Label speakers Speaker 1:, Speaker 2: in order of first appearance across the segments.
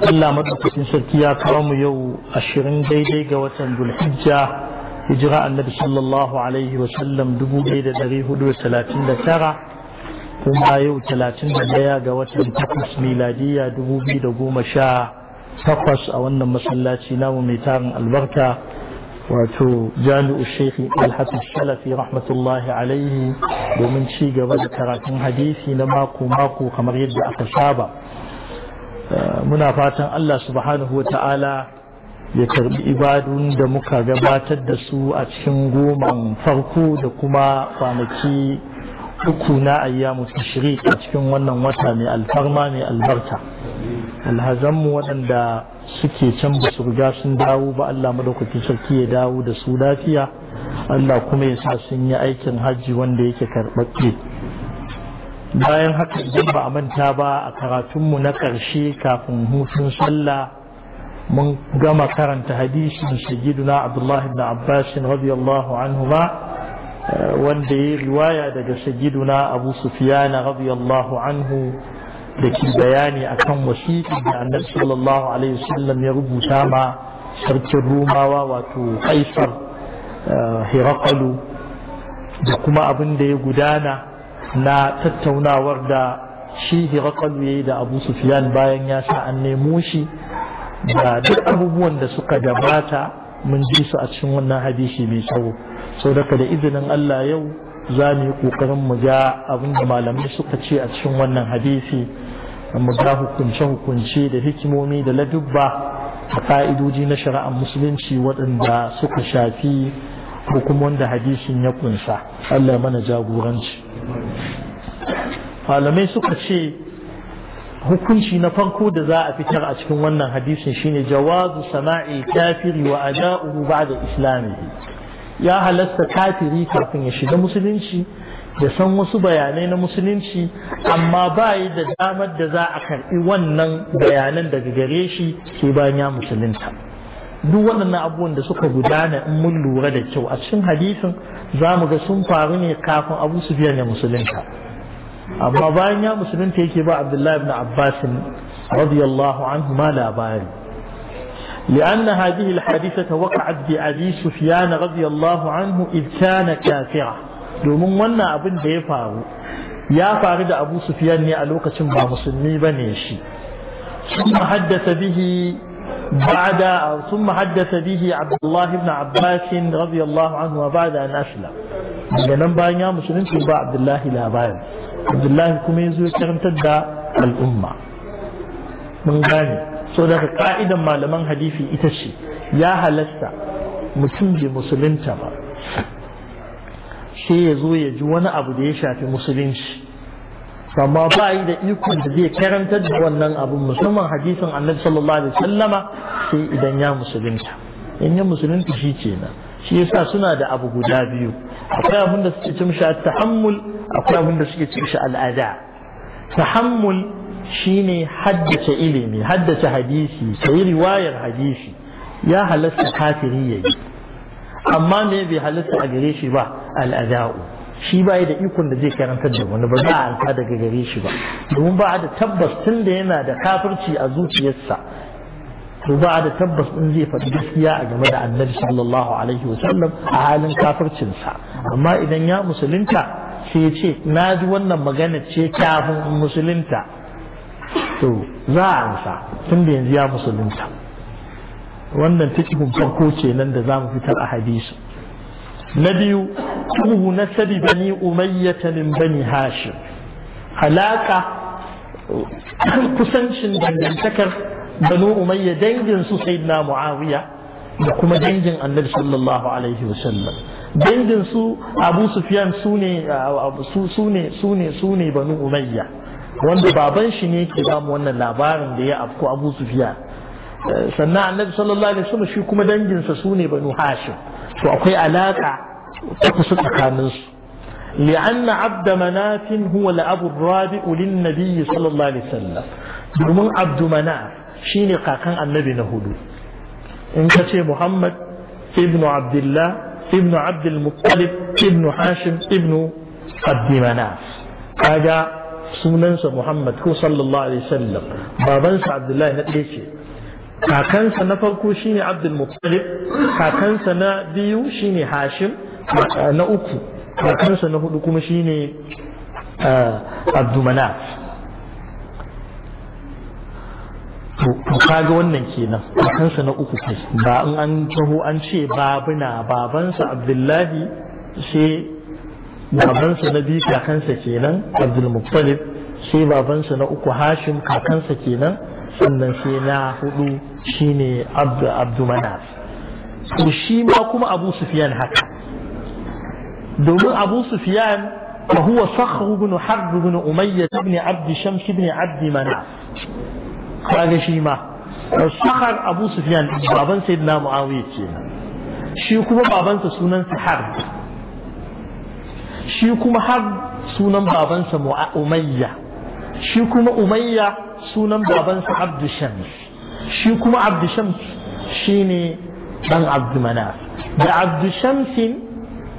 Speaker 1: Allah madaukakin sarki ya kawo mu yau ashirin daidai ga watan hijja hijira annabi sallallahu alaihi wa sallam dubu ɗaya da ɗari hudu da talatin da tara kuma yau talatin da ɗaya ga watan takwas miladiya dubu biyu da goma sha takwas a wannan masallaci namu mai tarin albarka wato jami'u shekhi alhafiz salafi rahmatullahi alaihi domin ci gaba da karatun hadisi na mako mako kamar yadda aka saba muna fatan Allah subhanahu wa ta'ala ya karbi ibadun da muka gabatar da su a cikin goman farko da kuma kwanaki uku na ayyamu shiri a cikin wannan wata mai alfarma mai albarta. alhazanmu waɗanda suke can ba su riga sun dawo ba Allah madaukaki sarki ya dawo da su lafiya Allah kuma ya sa sun yi aikin hajji wanda yake karɓaɓɓe bayan haka idan ba a manta ba a karatunmu na ƙarshe kafin hutun sallah mun gama karanta hadisin sayyiduna abdullahi ibn abbas radiyallahu anhu ba eh, wanda ya riwaya daga sayyiduna abu sufiyana radiyallahu anhu da ke bayani akan wasiƙi da annabi sallallahu alaihi wasallam ya rubuta ma sarkin rumawa wato kaisar eh, hirakalu da kuma abin da ya gudana na tattaunawar da shi hirakalu ya yi da abu sufiyan bayan ya sa an nemo shi da duk abubuwan da suka gabata mun ji su a cikin wannan hadisi mai tsawo sau daga da izinin allah yau za mu yi ƙoƙarin mu ga abin da malamai suka ce a cikin wannan hadisi mu ga hukunce-hukunce da hikimomi da ladubba da fa'idoji na shari'ar musulunci waɗanda suka shafi ko da wanda hadisin ya kunsa Allah mana jagoranci malamai suka ce hukunci na farko da za a fitar a cikin wannan hadisin shine jawazu sama'i kafiri wa ada'uhu ba'da islami ya halasta kafiri kafin ya shiga musulunci da san wasu bayanai na musulunci amma ba yi da damar da za a karɓi wannan bayanan daga gare shi sai bayan ya musulunta duk waɗannan abubuwan da suka gudana in mun lura da kyau a cikin hadisin za mu ga sun faru ne kafin abu su ne musulunta amma bayan ya musulunta yake ba abdullahi ibn abbas radiyallahu anhu ma labari لأن ta الحادثة وقعت بأبي سفيان رضي الله عنه إذ كان كافرا domin wannan abin da ya faru ya faru da abu sufiyan ne a lokacin ba musulmi ba ne shi sun haddasa bihi بعد ثم حدث به عبد الله بن عباس رضي الله عنه وبعد أن أسلم daga bayan ya musulunci ba abdullahi labarin abdullahi kuma ya ya karantar da al'umma mun gane so daga ka'idan malaman hadifi ita ce ya halasta mutum bai musulunta ba sai ya zo ya ji wani abu da ya shafi musulunci amma ba yi da ikon da zai karantar da wannan abin musamman hadisin annabi sallallahu alaihi wasallama sai idan ya musulunta in ya musulunta shi kenan shi yasa suna da abu guda biyu akwai abin da suke cimshi tahammul akwai abin da suke cimshi al'ada tahammul shine haddace ilimi haddace hadisi sai riwayar hadisi ya halasta kafiri yayi amma me bai halasta a gare shi ba al'ada'u shi ba da ikon da zai karantar da wani ba za a alfa daga gare shi ba domin ba da tabbas tun da yana da kafirci a zuciyarsa to ba da tabbas in zai faɗi gaskiya a game da annabi sallallahu alaihi wasallam a halin kafircinsa amma idan ya musulunta sai ya ce na ji wannan magana ce kafin musulunta to za a amsa tun da yanzu ya musulunta wannan tikihun farko kenan da za mu fitar a hadisi na biyu na nasabi bani umayyata min bani hashim alaka kusancin dangantakar bani umayya dangin su sayyidina muawiya da kuma dangin annabi sallallahu alaihi wasallam dangin su abu sufyan sune ne sune sune banu umayya wanda baban shi ne ke bamu wannan labarin da ya afko abu sufyan sannan annabi sallallahu alaihi wasallam shi kuma danginsa su ne banu hashim to akwai alaka ta kusa tsakaninsu لأن عبد مناف هو الأب الرابع للنبي صلى الله عليه وسلم domin abdu manaf shine kakan annabi na hudu in ka ce muhammad ibnu abdullah ibnu abdul muttalib ibnu hashim ibnu abdi manaf kaga sunansa muhammad ko sallallahu alaihi wasallam babansa abdullahi na ɗaya ce kakansa na farko shine abdul muttalib kakansa na biyu shine hashim na uku kakansa na hudu kuma shine eh, abdumanaf to kaga wannan kenan kakansa na uku kai ba in an taho an ce babuna babansa abdullahi sai babansa na biyu kakansa kenan abdul muttalib sai babansa na uku hashim kakansa kenan sannan sai na hudu shine abdu abdu manaf to shi ma kuma abu sufyan haka domin abu sufyan fa huwa sakhr ibn harb ibn umayyah ibn abd shams ibn abd manaf kaga shi ma sakhr abu sufyan baban sayyidina muawiya ce shi kuma babansa sunansa harb shi kuma har sunan babansa umayya shi kuma umayya sunan babansa abdushams shi kuma abdushams shi ne ɗan abdumanaf da abdushamsin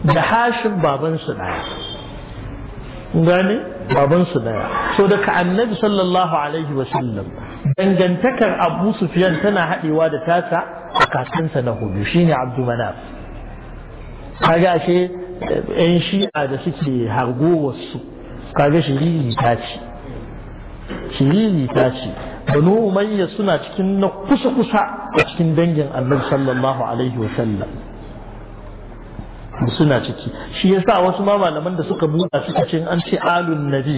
Speaker 1: da hashin babansu ɗaya gane babansu ɗaya so daga annabi sallallahu alaihi wasallam dangantakar abu sufiyan tana haɗewa da tasa a kakansa na hudu shine abdumanaf kaga ashe eh, 'yan shi'a da suke hargowarsu kaga shi ta ce shiriri ta ce banu umayya suna cikin na kusa kusa a cikin dangin annabi sallallahu alaihi wa sallam suna ciki shi yasa wasu ma malaman da suka buɗa suka ce an ce alun nabi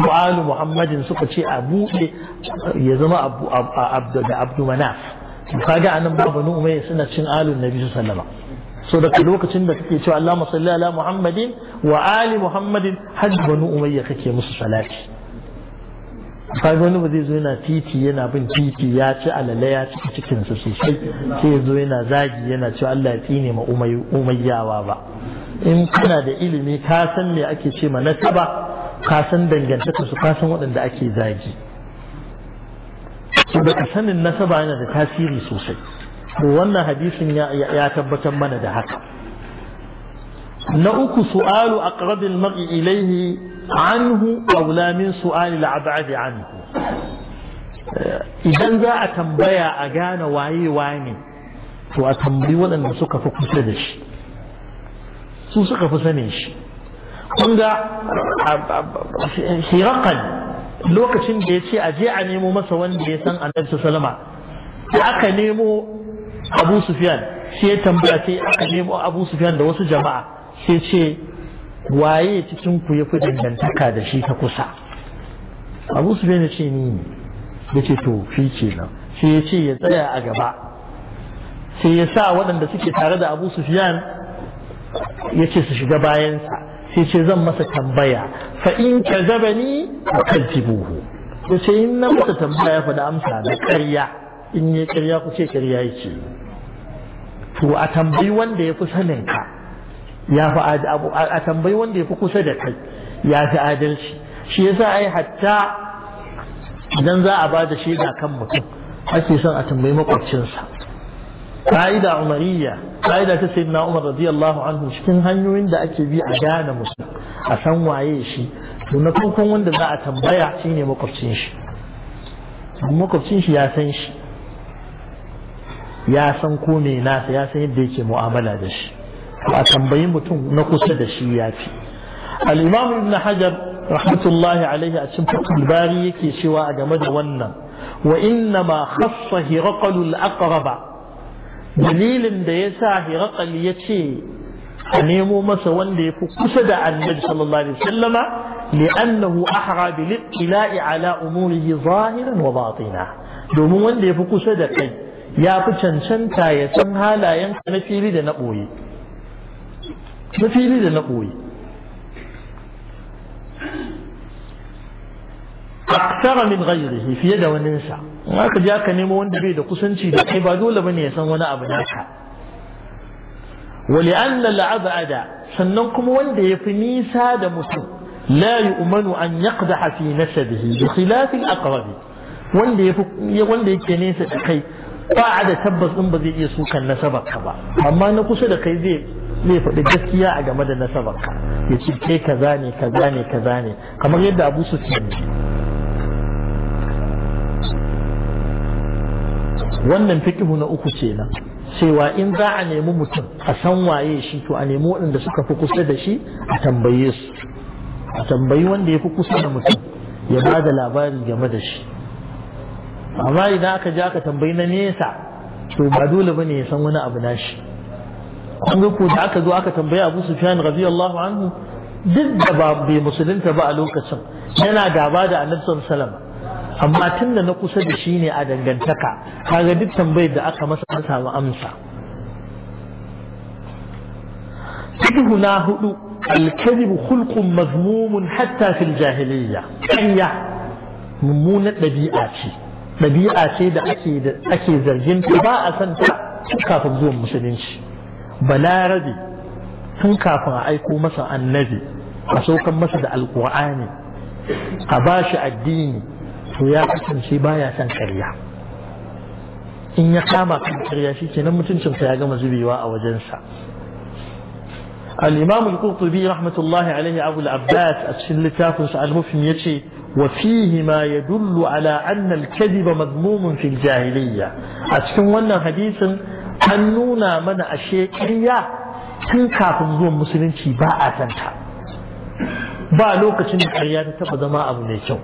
Speaker 1: ko alu muhammadin suka ce a buɗe ya zama abu da abdu manaf ga anan ba banu umayya suna cin alun nabi sallallahu alaihi so daga lokacin da kake cewa Allahumma salli ala Muhammadin wa ali Muhammadin hajji banu umayya kake musu salati sai wani ba zai zo yana titi yana bin titi ya ci alale ya ci cikinsa sosai sai ya zo yana zagi yana cewa Allah ya tsine ma umayyawa ba in kana da ilimi ka san me ake ce ma nasaba ka san dangantaka su ka san waɗanda ake zagi to ka sanin nasaba yana da tasiri sosai to wannan hadisin ya tabbatar mana da haka na uku su'alu aqrabil mar'i ilayhi anhu aula min su'ali al'abadi anhu idan za a tambaya a gane waye wane to a tambayi waɗanda suka fi kusa da shi su suka fi sanin shi kun ga hirakan lokacin da ya ce a je a nemo masa wanda ya san annabi salama aka nemo abu sufyan sai ya tambaya sai aka nemo abu sufyan da wasu jama'a sai ce waye cikin ku ya fi dangantaka da shi ta kusa abu su bai ce ni ne ya ce to fi ke nan sai ya ce ya tsaya a gaba sai ya sa waɗanda suke tare da abu sufiyan ya ce su shiga bayansa sai ce zan masa tambaya fa ka zaba ni a kan buhu ya ce in na masa tambaya fa da amsa na karya in yi karya ku ce karya yake to a tambayi wanda ya fi sanin ka ya fi a tambayi wanda ya fi kusa da kai ya fi adalci shi yasa ai hatta idan za a ba da shaida kan mutum ake son a tambayi makwabcinsa ka'ida umariya ka'ida ta na umar radiyallahu anhu cikin hanyoyin da ake bi a gane musu a san waye shi to na farkon wanda za a tambaya shine makwabcin shi makwabcin shi ya san shi ya san ko mai nasa ya san yadda yake mu'amala da shi أتنبيه متون نقصد الشيافي الإمام ابن حجر رحمة الله عليه أشمت الباري كي سوى أجمد ونا وإنما خص هرقل الأقرب دليل ديسا هرقل يتي أنيمو مسوان ليفو قصد عن النبي صلى الله عليه وسلم لأنه أحرى بالاطلاع على أموره ظاهرا وباطنا دومو ليفو قصد يا فتشن شنتا يا شنها لا ينكمل في بدن da fili da na koyi aksara min ghayrihi fi yada wannan sa haka ji aka nemo wanda bai da kusanci da kai ba ولأن العبد سننكم وند يفني ساد مسلم لا يؤمن أن يقدح في نسبه بخلاف الأقرب وند يفني وند يفني ساد خي قاعد تبص انبذي يسوك النسب كبا أما نقصد لكي ذي zai faɗi gaskiya a game da nasabarka ya ce kai kaza ne kaza ne kaza ne kamar yadda abu su wannan fikihu na uku ce kenan cewa in za a nemi mutum a san waye shi to a nemi waɗanda suka fi kusa da shi a tambaye su a tambayi wanda ya fi kusa da mutum ya ba da labari game da shi amma idan aka ji aka tambayi na nesa to ba dole ba ne ya san wani abu na shi an ga da aka zo aka tambaya abu sufyan radiyallahu anhu duk da ba bi musulunta ba a lokacin yana da ba da annabi sallallahu alaihi wasallam amma tun da na kusa da shi ne a dangantaka kaga duk tambayar da aka masa an samu amsa tuduhu na hudu alkazib khulqun mazmumun hatta fil jahiliyya ƙarya mummunar ɗabi'a ce ɗabi'a ce da ake da ake zargin ta ba a san ta kafin zuwan musulunci balarabe tun kafin a aiko masa annabi a saukan masa da alkur'ani a ba shi addini to ya kasance baya son karya in ya kama kan karya shi kenan mutuncinsa ya gama zubewa a wajensa الإمام القرطبي رحمة الله عليه أبو العباس أتشل تافنس المفهم يتشي وفيه ما يدل على أن الكذب مذموم في الجاهلية أتشكم وانا حديثا an nuna mana ashe ƙarya tun kafin zuwan musulunci ba a santa ba lokacin da ƙarya ta taba zama abu mai kyau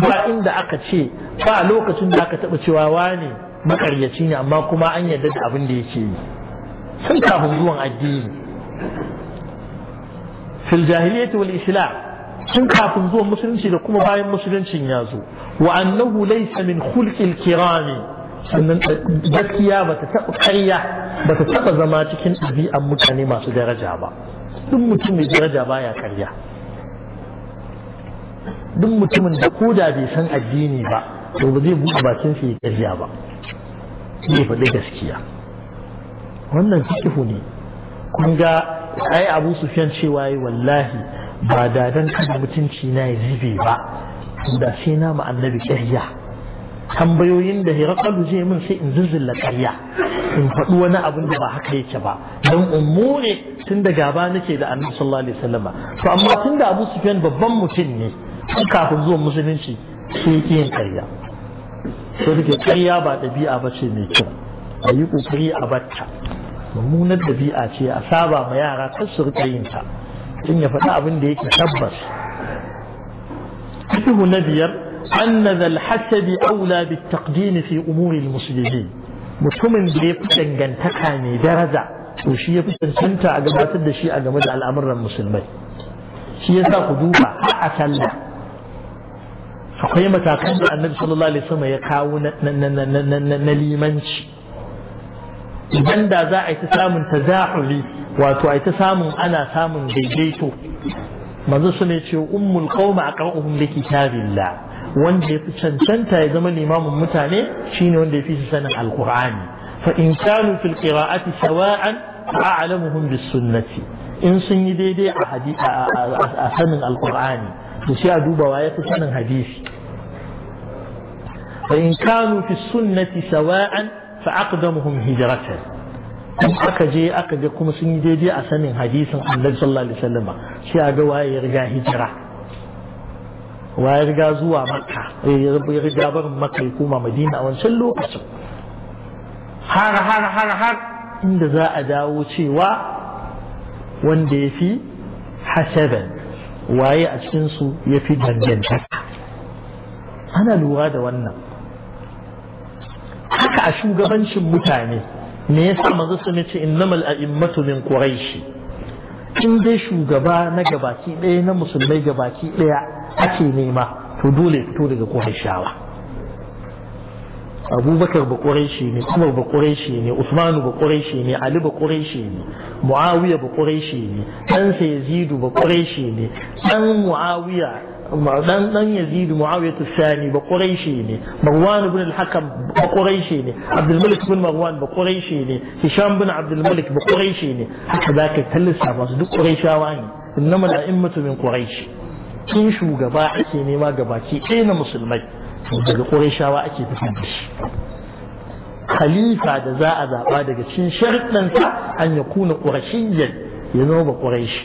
Speaker 1: ba inda aka ce ba lokacin da aka taɓa cewa wane makaryaci ne amma kuma an yarda da abin da yake yi tun kafin zuwan addini fil jahiliyyati wal islam tun kafin zuwan musulunci da kuma bayan musuluncin ya zo wa annahu laysa min khulqil kirami sannan eh, gaskiya ba ta taɓa karya ba ta taɓa zama cikin ɗabi'an mutane masu daraja ba duk mutum mai daraja ya karya, duk mutumin da ko da bai san addini ba to ba zai buɗe bakin sa ya karya ba zai faɗi gaskiya wannan fikihu ne kun ga ai abu sufyan cewa yi wallahi ba da don kada mutunci na ya zube ba da sai na ma annabi karya. tambayoyin da hirakalu zai min sai in zuzzula ƙarya in faɗi wani abin da ba haka yake ba don in more tun da gaba nake da annabi sallallahu alaihi wasallama to amma tun da abu sufyan babban mutum ne kafin zuwa musulunci sai yake yin ƙarya to da ƙarya ba ɗabi'a ba ce mai kyau ayi yi ƙoƙari a batta mummunar ɗabi'a ce a saba ma yara kar su yin ta tun ya faɗi abin da yake tabbas ihu na biyar أن ذا الحسد أولى بالتقديم في أمور المسلمين مفهوم بليب تنجن تكاني درزا وشي يبتن سنتا أقبات الدشي أقبات على أمر المسلمين شي يسا خدوبة حقا لا فقيمة أقبل النبي صلى الله عليه وسلم يكاون نليمنش إذن دا زا اعتسام تزاحلي واتو اعتسام أنا سام جيجيتو مزو سنة أم القوم أقرأهم لكتاب الله wanda ya fi cancanta ya zama limamin mutane shine wanda ya fi sanin alkur'ani fa in kanu fil qira'ati sawa'an a'lamuhum bis sunnati in sun yi daidai a hadisi a sanin alkur'ani to sai a duba wa ya fi sanin hadisi fa in kanu fi sunnati sawa'an fa aqdamuhum hijratan in aka je aka ga kuma sun yi daidai a sanin hadisin annabi sallallahu alaihi wasallam sai a ga waye ya riga hijira wa ya riga zuwa makka eh, ya riga barin makka ya koma madina a wancan lokacin har har har har inda za a dawo cewa wanda ya fi hasaban waye a cikinsu ya fi dangantaka ana lura da wannan haka a shugabancin mutane me yasa manzo sun ce innamal a'immatu min quraishi in dai shugaba na gabaki ɗaya na musulmai gabaki ɗaya ake nema to dole fito daga Qurayshawa Abubakar ba Qurayshi ne Umar ba Qurayshi ne Usman ba Qurayshi ne Ali ba Qurayshi ne Muawiya ba Qurayshi ne dan sa Yazid ba Qurayshi ne dan Muawiya dan dan Yazid Muawiya tsani ba Qurayshi ne Marwan ibn al-Hakam ba Qurayshi ne Abdul Malik ibn Marwan ba Qurayshi ne Hisham ibn Abdul Malik ba Qurayshi ne haka zaka tallasa masu duk Qurayshawa ne innamal a'immatu min Quraysh in shugaba ake nema gabaki ɗaya na musulmai daga ƙurashawa ake fitar da shi khalifa da za a zaɓa daga cikin sharɗansa an ya kuna ƙurashiyyar ya zama ba ƙurashi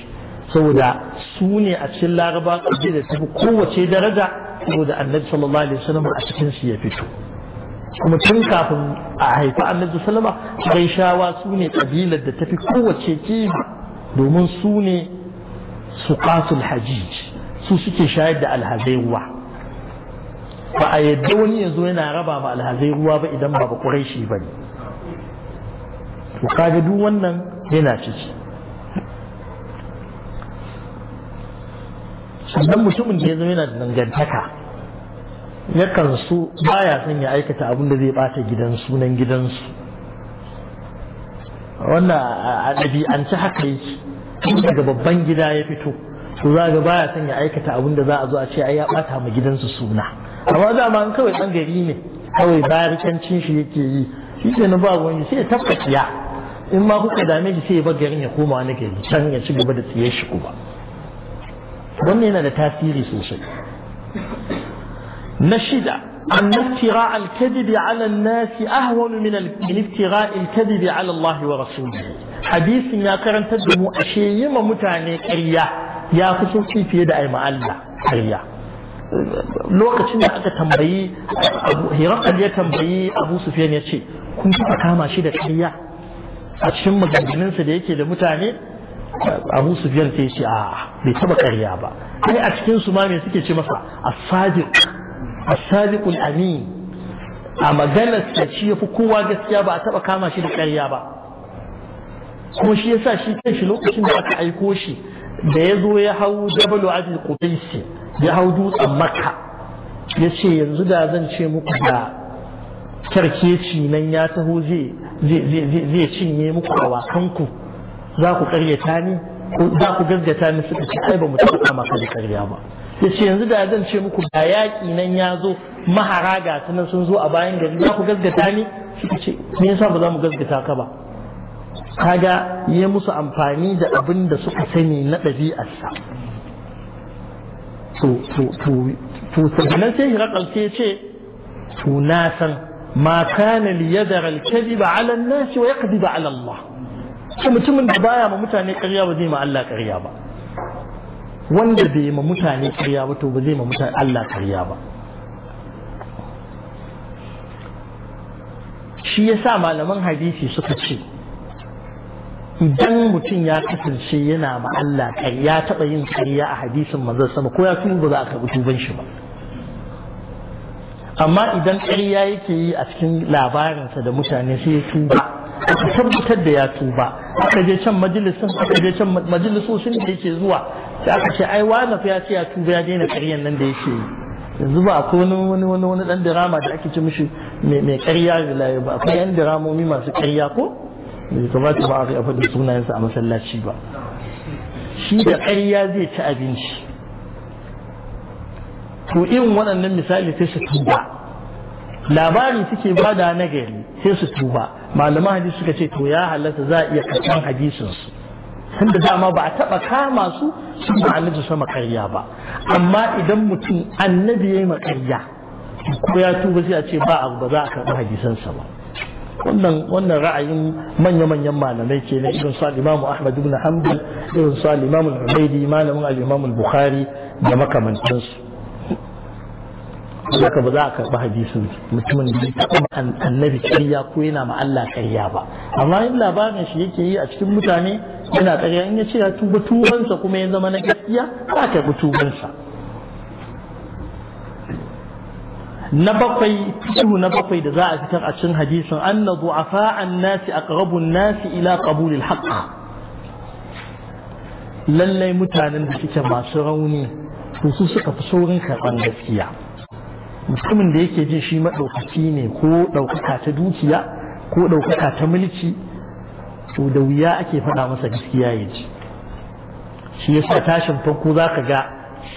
Speaker 1: saboda su ne a cikin laraba ƙabilar da tafi kowace daraja saboda annabi sallallahu alaihi wasallam a cikin su ya fito kuma tun kafin a haifi annabi sallama ƙurayshawa su ne ƙabilar da tafi kowace kima domin su ne suqatul hajij su suke shayar da alhazai ruwa ba a yadda wani ya zo yana raba ma alhazai ruwa ba idan ba ba shi ba ne kaga duk wannan yana ciki sannan mutumin da ya zama yana da dangantaka yakan su baya son ya aikata abin da zai bata gidan sunan gidansu wannan a ɗabi'ance haka yake daga babban gida ya fito to za ga baya son ya aikata abin da za a zo a ce ai ya bata ma gidansu suna amma za ma kawai dan gari ne kawai barikancin shi yake yi shi ke nan babu wani sai ya tabbaciya in ma kuka dame shi sai ya bar garin ya koma wani gari can ya ci gaba da tsiye shi kuma wannan yana da tasiri sosai na shida أن افتراء الكذب على الناس أهون من من افتراء الكذب على الله ورسوله حديث يا كرن تدمو أشيء ما متعني كريه ya fi sauki fiye da aima Allah ƙarya lokacin da aka tambayi hirakal ya tambayi abu sufiyan ya ce kun kuka kama shi da kariya a cikin maganganunsa da yake da mutane abu sufiyan sai ce a bai taba karya ba ai a cikin su ma me suke ci masa A sadiq sadiqul amin a maganar shi ci yafi kowa gaskiya ba a taba kama shi da karya ba kuma shi yasa shi kanshi lokacin da aka aiko shi da ya zo ya hau jabalu abin kudaisi ya hau dutsen makka ya ce yanzu da zan ce muku da kyarkeci nan ya taho zai cinye muku a wakanku za ku karyata ni za ku gaggata ni suka ce ai ba mu taɓa kama ka da karya ba ya ce yanzu da zan ce muku da yaƙi nan ya zo mahara ga sun zo a bayan gari za ku gaggata ni suka ce me yasa ba za mu gaggata ka ba kaga ya musu amfani da abin da suka sani na ɗabi'arsa to sannan sai hirakal sai ce to na san ma kana li yadara al-kadhiba ala an-nas wa yakdhiba ala Allah shi mutumin da baya ma mutane ƙarya ba zai ma Allah ƙarya ba wanda bai ma mutane ƙarya ba to ba zai ma mutane Allah ƙarya ba shi yasa malaman hadisi suka ce idan mutum ya kasance yana ma Allah kai ya taɓa yin kariya a hadisin manzon sama ko ya tuba za a karbi tuban shi ba amma idan kariya yake yi a cikin labarinsa da mutane sai ya tuba aka tabbatar da ya tuba aka je can majalisin aka je can majalisoshin da yake zuwa sai aka ce ai wani fa ya ce ya tuba ya daina kariyan nan da yake yi yanzu ba akwai wani wani wani wani dan dirama da ake ci mishi mai kariya da ba akwai yan diramomi masu kariya ko Eh, bai kamata ba a faɗi sunayensa a masallaci ba shi da ƙarya zai ci abinci to in waɗannan misali sai su tuba labari suke ba da na gari sai su tuba malaman hadisi suka ce to ya halatta za a iya karɓar hadisinsu tunda dama ba a taɓa kama su sun ba annabi sama ƙarya ba amma idan mutum annabi ya yi ko ya tuba sai a ce ba abu ba za a karɓi hadisansa ba wannan wannan ra'ayin manya-manyan malamai ke na irin su al-Imam Ahmad ibn Hanbal irin su imam al-Ubaidi malamin al-Imam al-Bukhari da makamantansu haka ba za a karɓi hadisin mutumin da ya taɓa annabi ƙarya ko yana ma Allah ƙarya ba amma in labarin shi yake yi a cikin mutane yana ƙarya in ya ce ya tuba tubansa kuma ya zama na gaskiya za a karɓi tubansa na bakwai fiqh na bakwai da za a fitar a cikin hadisin anna du'afa an-nasi aqrabu an-nasi ila qabul al lallai mutanen da suke masu rauni to su suka fi saurin karban gaskiya mutumin da yake jin shi madaukaki ne ko ɗaukaka ta dukiya ko ɗaukaka ta mulki to da wuya ake faɗa masa gaskiya ya ji shi yasa tashin farko zaka ga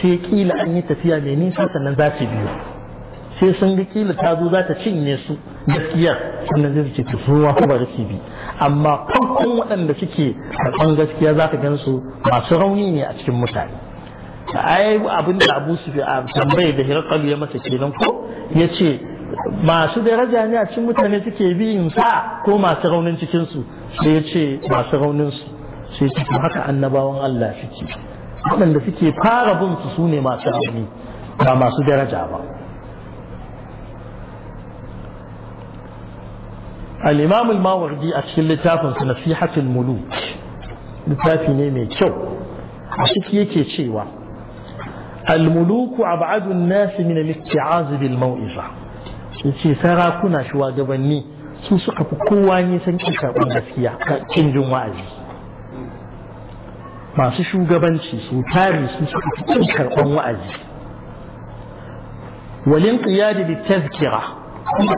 Speaker 1: sai kila an yi tafiya mai nisa sannan za su biyu sai sun ga kila ta zo za ta cinye su gaskiyar sannan zai ce ta ruwa ko ba bi amma kankan waɗanda suke karɓan gaskiya za ka gan su masu rauni ne a cikin mutane ai abin da abu su a tambaye da hirƙalu ya masa kenan ko ya ce masu daraja ne a cikin mutane suke in sa ko masu raunin cikinsu sai ya ce masu su sai ce haka annabawan Allah suke waɗanda suke fara bin su su masu rauni ba masu daraja ba الإمام الماوردي أشكل لتافة نصيحة الملوك لتافة نيمي كو أشكي شيوا الملوك أبعد الناس من الاتعاز بالموئزة يتي سارا كنا شوا جبني سوسق بقواني سنكسا ونسيا كنجم وعزي ما سشو جبنشي سوتاري سوسق بقواني سنكسا وعزي والانقياد بالتذكرة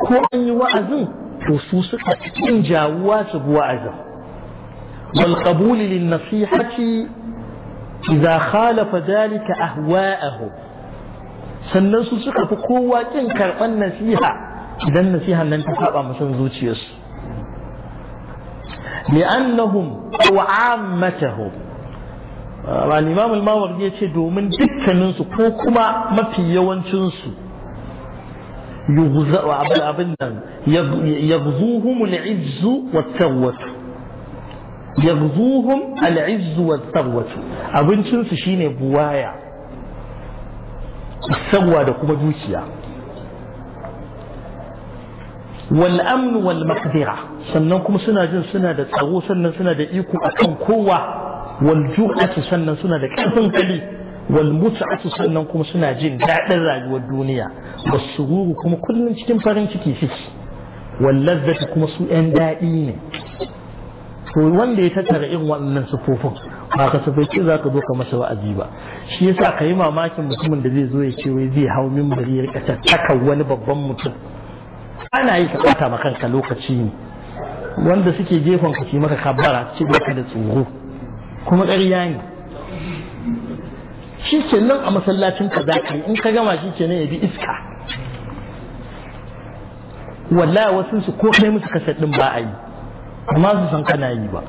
Speaker 1: كو أني وعزي to su suka kin jawuwa su buwa azab wal qabul lil nasihati idza khalafa dhalika ahwa'ahu sannan su suka fi kowa kin karban nasiha idan nasihan nan ta saba musun zuciyarsu li'annahum aw 'ammatahum al-imam al-mawardi yace domin dukkaninsu ko kuma mafi yawancinsu يغزوهم العز والثروة يغزوهم العز والثروة أبن سنس شيني بوايا الثروة دكما دوشيا والأمن والمقدرة سننكم سنة جن سنة دتاو سنة سنة دئيكم أكم قوة والجوعة سنة سنة دكتن wal sannan kuma suna jin daɗin rayuwar duniya wasururu kuma kullum cikin farin ciki suke wal kuma su ƴan daɗi ne to wanda ya tattara irin waɗannan sufofin ba ka sufofi za ka zo ka masa wa'azi ba shi yasa ka yi mamakin mutumin da zai zo ya ce wai zai hau bari ya tattaka wani babban mutum ana yi ka ɓata ma kanka lokaci ne wanda suke gefen ka ce maka kabbara ce da tsoro kuma ƙarya ne shi ke nan a masallacin ka za in ka gama shi ke nan ya bi iska wallahi wasu su ko kai musu kasar ɗin ba a yi amma su san kana yi ba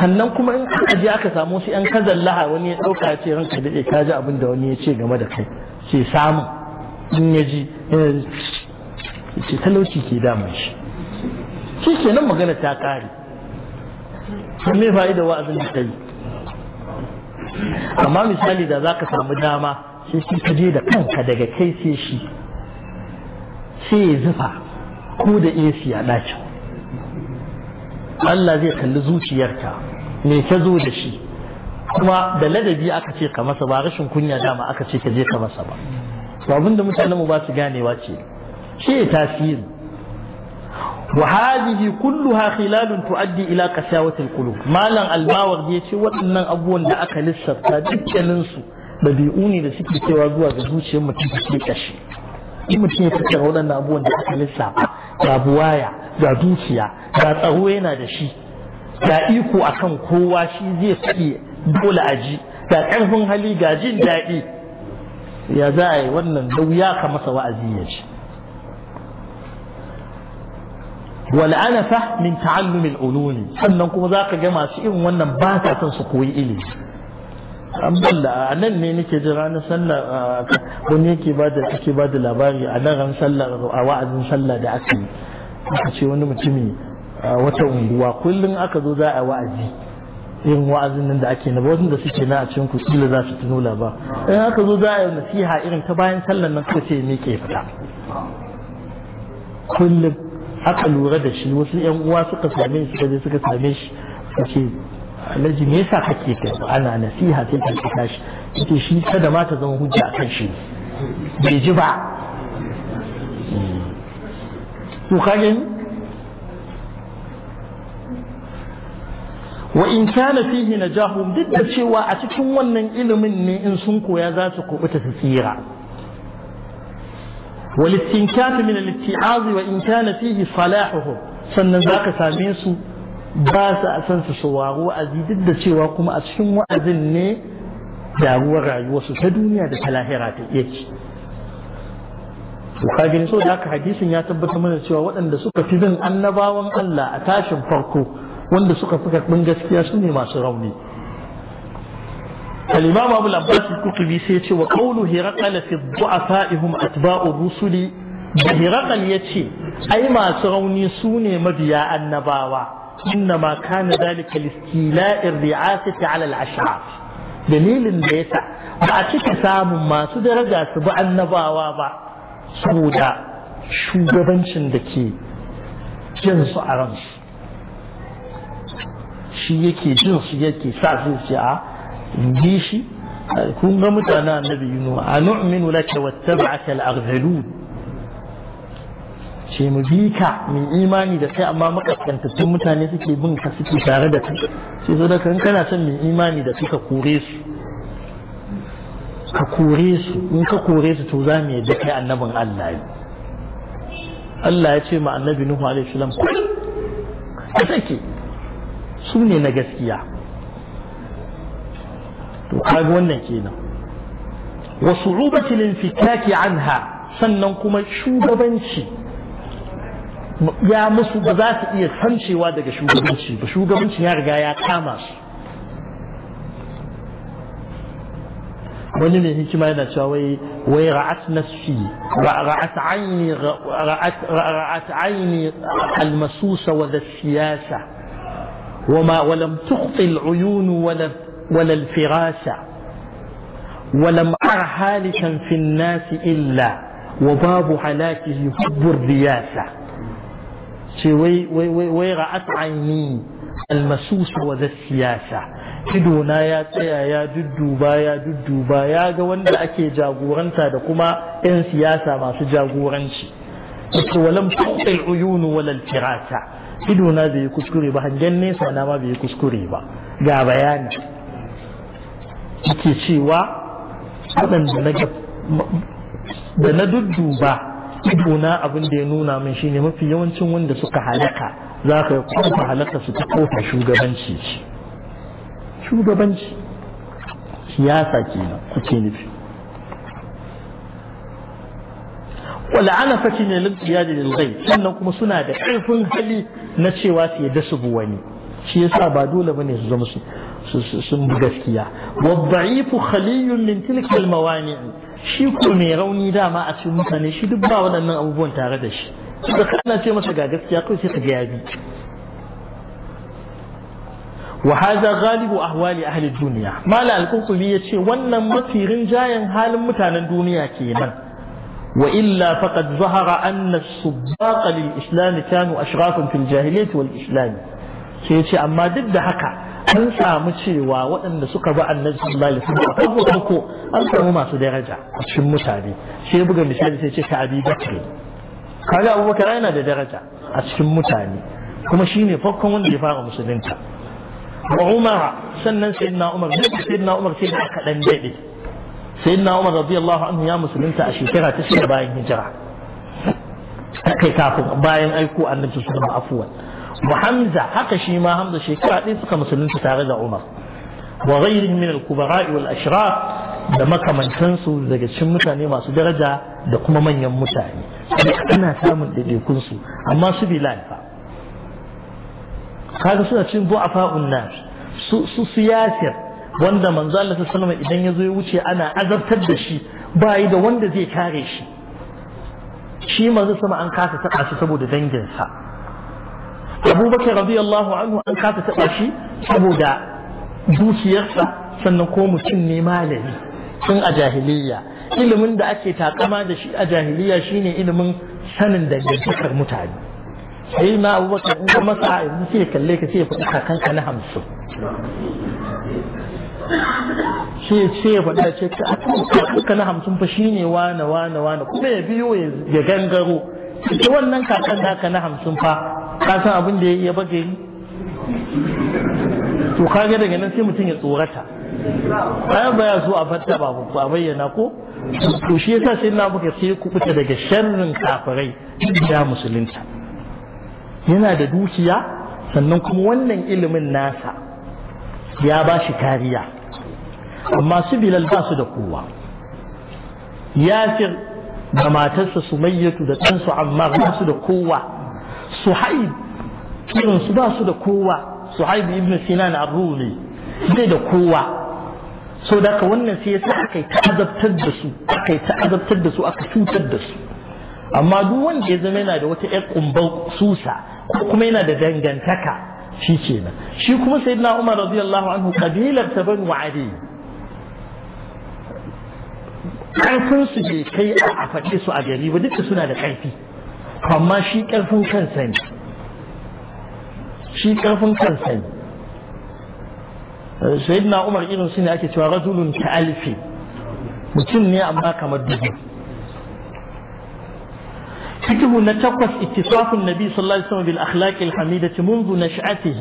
Speaker 1: sannan kuma in aka je aka samu su yan kazan laha wani ya dauka ya ce ranka daɗe ka ji abin da wani ya ce game da kai ce samun in ya ji ce talauci ke damun shi shi ke nan magana ta ƙare me fa'ida wa'azin da ta yi
Speaker 2: amma misali
Speaker 1: da za ka samu dama sai shi ka je da kanka daga kai sai shi sai ya zufa ko da AC a ɗakin Allah zai kalli zuciyarka me ta zo da shi kuma da ladabi aka ce ka masa ba rashin kunya dama aka ce ka je ka masa ba to abinda mutanen mu ba su ganewa ce shi tasiri وهذه كلها خلال تؤدي الى قساوه القلوب ما لن الماور دي يشي wadannan abubuwan da aka lissafta dukkanin su dabi'u ne da suke cewa zuwa ga zuciyar mutum ta ke kashi mutum ya fitar wadannan abubuwan da aka lissafa ga buwaya ga zuciya ga tsaro yana da shi ga iko akan kowa shi zai faɗi dole a ji ga ƙarfin hali ga jin daɗi ya za a yi wannan dau ya masa wa'azi ya ji wal'anafa min ta'allumin ulumi sannan kuma za ka ga masu irin wannan ba sa son su koyi ilimi an balla a nan ne nake jin ranar sallah wani yake ba da ake ba da labari a nan ran sallah a wa'azin sallah da aka yi aka ce wani mutumi wata unguwa kullum aka zo za a wa'azi irin wa'azin nan da ake na wajen da suke na a cikin ku kila za su tuno labar in aka zo za a yi nasiha irin ta bayan sallan nan suka ce me ke fita kullum aka lura da shi wasu yan uwa suka same shi suka suka same shi suke alhaji me yasa kake kai ana nasiha sai ka kita shi yace shi kada ma ta zama hujja akan shi bai ji ba to ka gani wa in kana fihi najahum duk da cewa a cikin wannan ilimin ne in sun koya za su kubuta su tsira والاستنكاف من الاتعاظ وإن كان فيه صلاحه sannan za ka same su ba su a san su sauraro wa'azi duk da cewa kuma a cikin wa'azin ne damuwar rayuwarsu ta duniya da ta lahira ta yake to ka gani da haka hadisin ya tabbatar mana cewa waɗanda suka fi bin annabawan Allah a tashin farko wanda suka fi karɓin gaskiya su ne masu rauni al-imam abu al-abbas al-qutubi sai ce wa qawlu hiraqala fi du'afaihum atba'u rusuli da hiraqal yace ai masu rauni sune mabiya annabawa inna ma kana dalika listila'ir ri'asati 'ala al-ashraf dalilin da yasa ba a cika samun masu daraja su bi annabawa ba saboda shugabancin da ke jin su shi yake jin yake sa su ce in ji shi kun ga mutane annabi yunus a nu'minu laka wattaba'aka al-aghzalun ce mu bi ka min imani da kai amma makaskantattun mutane suke bin ka suke tare da kai sai so da kan kana son min imani da suka ka kore su ka kore su in ka kore su to za mu yadda kai annabin Allah ne Allah ya ce ma annabi Nuhu alaihi salam ku ka sake su ne na gaskiya to kaga wannan kenan wa su'ubatil infitaki anha sannan kuma shugabanci ya musu ba za su iya sancewa daga shugabanci ba shugabanci ya riga ya kama su wani mai hikima yana cewa wai wai ra'at nafsi ra'at aini ra'at aini almasusa wa siyasa وما ولم تخطي العيون ولا ولا الفراش ولم أر هالكا في الناس إلا وباب هلاكه حب الرياسة وي وي وي وي رأت عيني المسوس وذا idona ya tsaya ya dudduba ya dudduba ya ga wanda ake jagoranta da kuma 'yan siyasa masu jagoranci ita walam tuqil uyunu walal firata idona bai kuskure ba hangen nesa na ma kuskure ba ga bayani yake cewa waɗanda na ga da na dudduba idona abin da ya nuna min shine mafi yawancin wanda suka halaka za ka kofa halaka su ta kofa shugabanci shugabanci siyasa kenan kuke nufi wal'ana fa ne lilqiyad lil ghaib sannan kuma suna da ƙarfin hali na cewa su yadda su bu wani shi yasa ba dole bane su zama su sun bi gaskiya wadda'ifu khaliyun min tilka almawani shi ko mai rauni dama a cikin mutane shi duk ba waɗannan abubuwan tare da shi da kana ce masa ga gaskiya kawai sai ka ga yabi wa hadha ghalibu ahwali ahli dunya mala al-qurtubi yace wannan mafi rinjayen halin mutanen duniya kenan wa illa faqad zahara anna as-subaq lil-islam kanu ashrafun fil jahiliyyah wal-islam sai yace amma duk da haka an samu cewa waɗanda suka bi annabi sallallahu alaihi wasallam a farko farko an samu masu daraja a cikin mutane sai buga misali sai ce ka abi bakri kaga abubakar yana da daraja a cikin mutane kuma shi ne farkon wanda ya fara musulunta wa umar sannan sayyidina umar duk sayyidina umar sai da kaɗan daɗe sayyidina umar radiyallahu anhu ya musulunta a shekara ta shida bayan hijira kai kafin bayan aiko annabi sallallahu alaihi wasallam afwan wa hamza haka shi ma hamza shekara ɗaya suka musulunta tare da umar wa ghairin min al-kubara'i wal ashraf da makamantansu daga cikin mutane masu daraja da kuma manyan mutane ana samun ɗaiɗaikun su amma su bilal fa kaga suna cin du'afa'un nas su su siyasar wanda manzo Allah sallallahu idan ya zo ya wuce ana azabtar da shi ba yi da wanda zai kare shi shi manzo sama an kasa saka shi saboda danginsa Abu bakar radiyallahu anhu an kasa taɓa shi saboda dukiyarsa sannan ko mutum ne malami tun a jahiliya ilimin da ake takama da shi a jahiliya shine ilimin sanin dangantakar mutane sai ma abubakar in ka masa yanzu sai kalle ka sai ya faɗi kakanka na hamsin shi ce ya faɗa ce ka na hamsin fa shine wane wane wane kuma ya biyo ya gangaro ta wannan kakan naka na hamsin fa ka san abin da ya bage yi to kage daga nan sai mutum ya tsorata bayan baya so a fatta ba a bayyana ko to shi yasa sai na muka sai ku fita daga sharrin kafirai da musulunta yana da dukiya sannan kuma wannan ilimin nasa ya ba shi kariya amma su bilal ba su da kowa yasir da matarsa sumayyatu da ɗansu amma ba su da kowa suhaib irin su ba su da kowa suhaib ibn sinan ar-rumi bai da kowa sau da ka wannan sai yasa aka yi ta'azabtar da su aka yi ta'azabtar da su aka cutar da su amma duk wanda ya zama yana da wata ƴar kumbar susa ko kuma yana da dangantaka shi kenan shi kuma sayyidina Umar radiyallahu anhu kabilar ta banu Adi Ƙarfinsu bai kai a faɗe su a gari ba duka suna da ƙarfi amma shi ƙarfin kansa ne shi ƙarfin kansa ne eh, sayyidina umar irin su ne ake cewa rajulun ta alfi mutum ne amma kamar dubu فكه نتقص اتفاق النبي صلى الله عليه وسلم بالأخلاق الحميدة منذ نشأته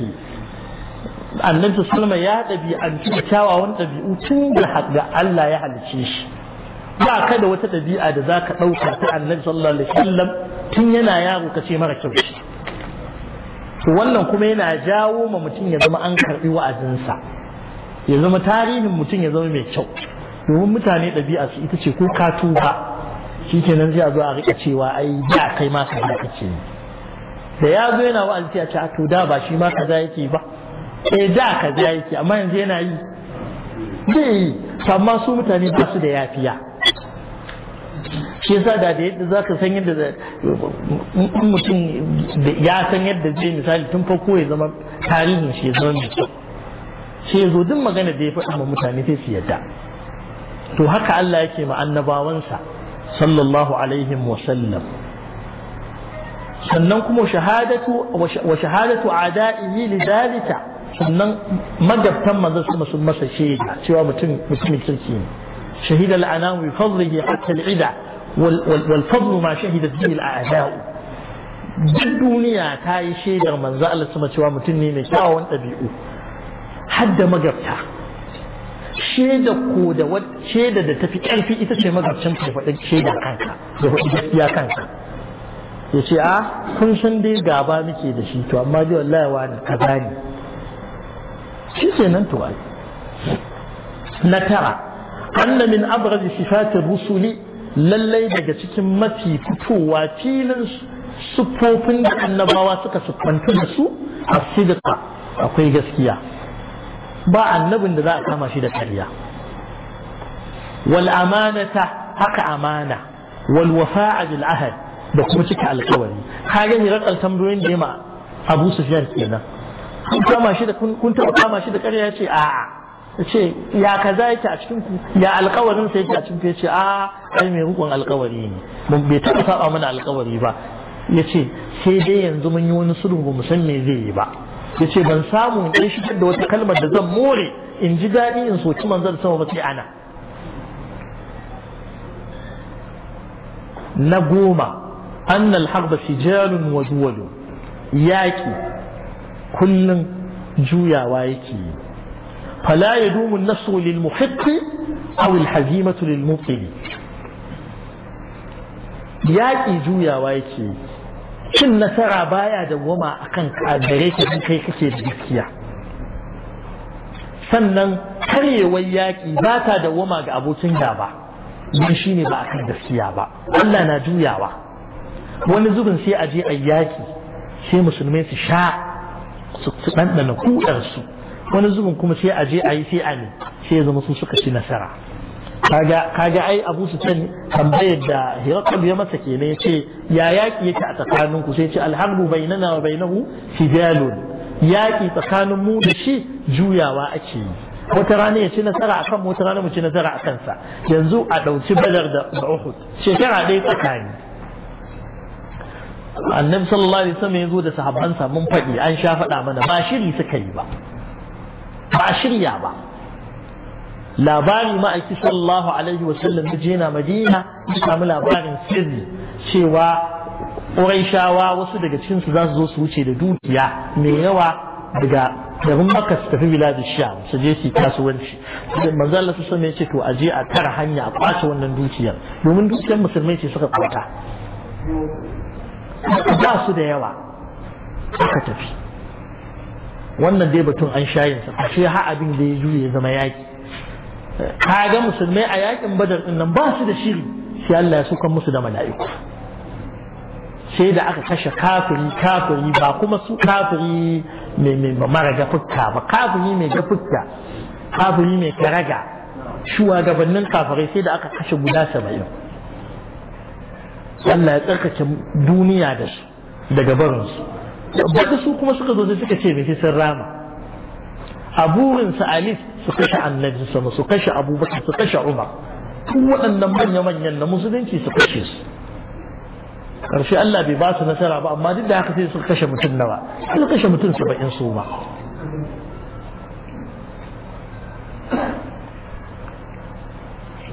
Speaker 1: annabi sallama ya ɗabi an kyakkyawa wani ɗabi'u tun da haɗa Allah ya halicce shi ba ka da wata ɗabi'a da za ka ɗauka ta annabi sallallahu alaihi wasallam tun yana yaro ka ce mara kyau shi to wannan kuma yana jawo ma mutum ya zama an karɓi wa'azinsa ya zama tarihin mutum ya zama mai kyau domin mutane ɗabi'a su ita ce ko ka tuba shi kenan sai a zo a riƙa cewa ai ba kai ma ka da kace da ya zo yana wa'azi a ce a to da ba shi ma kaza yake ba eh da kaza yake amma yanzu yana yi zai yi amma su mutane ba su da yafiya shi yasa da da yadda zaka san yadda in mutum ya san yadda zai misali tun farko ya zama tarihin shi ya zama mai kyau sai ya zo duk magana da ya faɗi ma mutane sai su yadda to haka Allah yake ma annabawansa sallallahu alaihi wa sallam sannan kuma shahadatu wa shahadatu ada'ihi lidalika sannan magabtan manzo sun masa shaida cewa mutum mutumin kirki ne شهد الأنام بفضله حتى العدى والفضل ما شهدت به الأعداء duk duniya ta yi shaidar manza. Allah sama cewa mutum ne mai kyawawan ɗabi'u har da magabta shaida ko da shaida da tafi ƙarfi ita ce magabcin ka faɗin shaida kanka da kanka ya a kun san dai gaba muke da shi to amma dai wallahi wani kaza ne shi to na tara anna min abghad sifat rusuli lallai daga cikin mafi fitowa filin sufofin da annabawa suka sufantu da su a sidqa akwai gaskiya ba annabin da za a kama shi da karya. wal amanata haka amana walwafa a bil ahad da kuma cika alƙawari ka ga hirakal tambayoyin da ya ma Abu Sufyan kenan kun da kun taba kama shi da ƙarya ce a'a ce ya kaza yake a cikin ku ya alkawarin sai yake a cikin a ai mai rukun alkawari ne bai taɓa saba mana alkawari ba yace sai dai yanzu mun yi wani sulhu ba mu san me zai yi ba yace ban samu in shi shigar da wata kalmar da zan more in ji daɗi in soki zan sama ba sai ana na goma annal harba sijalun wa duwalun yaƙi kullum juyawa yake yi فلا يدوم النصر للمحق أو الحزيمة للمبطل yaƙi juyawa yake cin nasara baya dawwama a kan gare ka in kai kake da gaskiya sannan karyewar yaƙi ba ta dawwama ga abokin gaba don shine ba a kan gaskiya ba Allah na juyawa wani zubin sai a je a yaƙi sai musulmai su sha su ɗanɗana kuɗarsu wani zubin kuma sai a je a yi sai a ne sai ya zama sun suka ci nasara kaga ai abu su can tambayar da hirakal ya masa kenan ya ce ya yaƙi yake a tsakanin ku sai ce alharbu bainana wa bainahu fijalun yaƙi tsakanin mu da shi juyawa ake yi wata rana ya ci nasara akan mu wata rana mu ci nasara a kansa yanzu a ɗauki badar da uhud shekara ɗaya tsakani annabi sallallahu alaihi wasallam ya zo da sahabbansa mun faɗi an sha faɗa mana ba shiri suka yi ba ba a shirya ba labari ma'aiki sallallahu alaihi wasallam da jena madina ya samu labarin sirri cewa shawa wasu daga cikinsu za su zo su wuce da dukiya mai yawa daga garin maka su tafi da sham su je su kasuwanci manzo Allah su ya ce to aje a tara hanya a kwace wannan dukiyar domin dukiyar musulmai ce suka kwata ba su da yawa aka tafi wannan dai batun an shayin su, ashe ha abin da ya juye zama Ka ga musulmai a yaƙin badar din nan ba su da shiri sai Allah ya sukan musu da mala'iku sai da aka kashe kafiri kafiri ba kuma su kafiri mai mara gafukka ba kafiri mai gafukka kafiri mai karaga shugabannin kafirai sai da aka kashe guda saba'in Allah ya tsarkake duniya da su daga barinsu daga su kuma suka zo suka ce mai sun rama a burinsa alif su kashe annabi su sama su kashe abubakar su kashe umar duk waɗannan manya-manyan na musulunci su kashe su ƙarshe Allah bai ba su nasara ba amma duk da haka sai su kashe mutum nawa su kashe mutum saba'in su ba